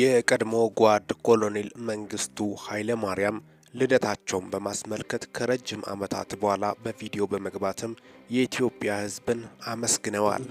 የቀድሞ ጓድ ኮሎኔል መንግስቱ ኃይለ ማርያም ልደታቸውን በማስመልከት ከረጅም ዓመታት በኋላ በቪዲዮ በመግባትም የኢትዮጵያ ሕዝብን አመስግነዋል።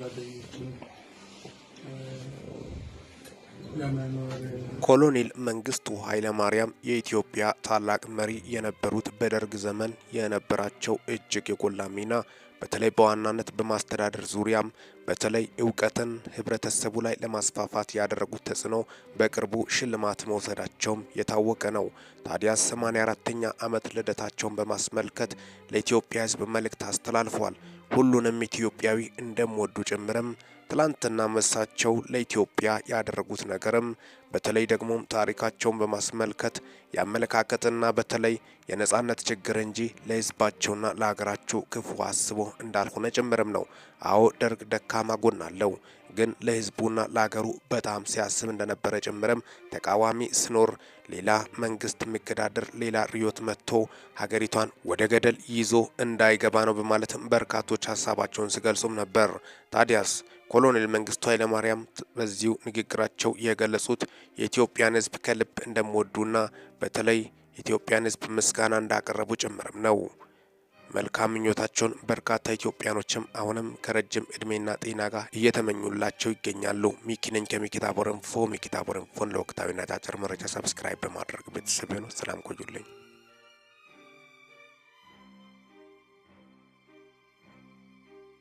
ኮሎኔል መንግስቱ ኃይለ ማርያም የኢትዮጵያ ታላቅ መሪ የነበሩት በደርግ ዘመን የነበራቸው እጅግ የጎላ ሚና በተለይ በዋናነት በማስተዳደር ዙሪያም በተለይ እውቀትን ህብረተሰቡ ላይ ለማስፋፋት ያደረጉት ተጽዕኖ በቅርቡ ሽልማት መውሰዳቸውም የታወቀ ነው። ታዲያ 84ኛ ዓመት ልደታቸውን በማስመልከት ለኢትዮጵያ ህዝብ መልእክት አስተላልፏል። ሁሉንም ኢትዮጵያዊ እንደምወዱ ጭምርም ትላንትና መሳቸው ለኢትዮጵያ ያደረጉት ነገርም በተለይ ደግሞ ታሪካቸውን በማስመልከት የአመለካከትና በተለይ የነጻነት ችግር እንጂ ለህዝባቸውና ለሀገራቸው ክፉ አስቦ እንዳልሆነ ጭምርም ነው። አዎ ደርግ ደካማ ጎን አለው። ግን ለህዝቡና ለሀገሩ በጣም ሲያስብ እንደነበረ ጭምርም ተቃዋሚ ስኖር ሌላ መንግስት የሚገዳደር ሌላ ርዕዮት መጥቶ ሀገሪቷን ወደ ገደል ይዞ እንዳይገባ ነው በማለትም በርካቶች ሀሳባቸውን ሲገልጹም ነበር። ታዲያስ ኮሎኔል መንግስቱ ኃይለማርያም በዚሁ ንግግራቸው የገለጹት የኢትዮጵያን ህዝብ ከልብ እንደሚወዱና በተለይ የኢትዮጵያን ህዝብ ምስጋና እንዳቀረቡ ጭምርም ነው። መልካም ምኞታቸውን በርካታ ኢትዮጵያኖችም አሁንም ከረጅም እድሜና ጤና ጋር እየተመኙላቸው ይገኛሉ። ሚኪነኝ ነኝ ከሚኪታ ቦረንፎ። ሚኪታ ቦረንፎን ለወቅታዊና አጫጭር መረጃ ሰብስክራይብ በማድረግ ቤተሰብ ነው። ሰላም ቆዩልኝ።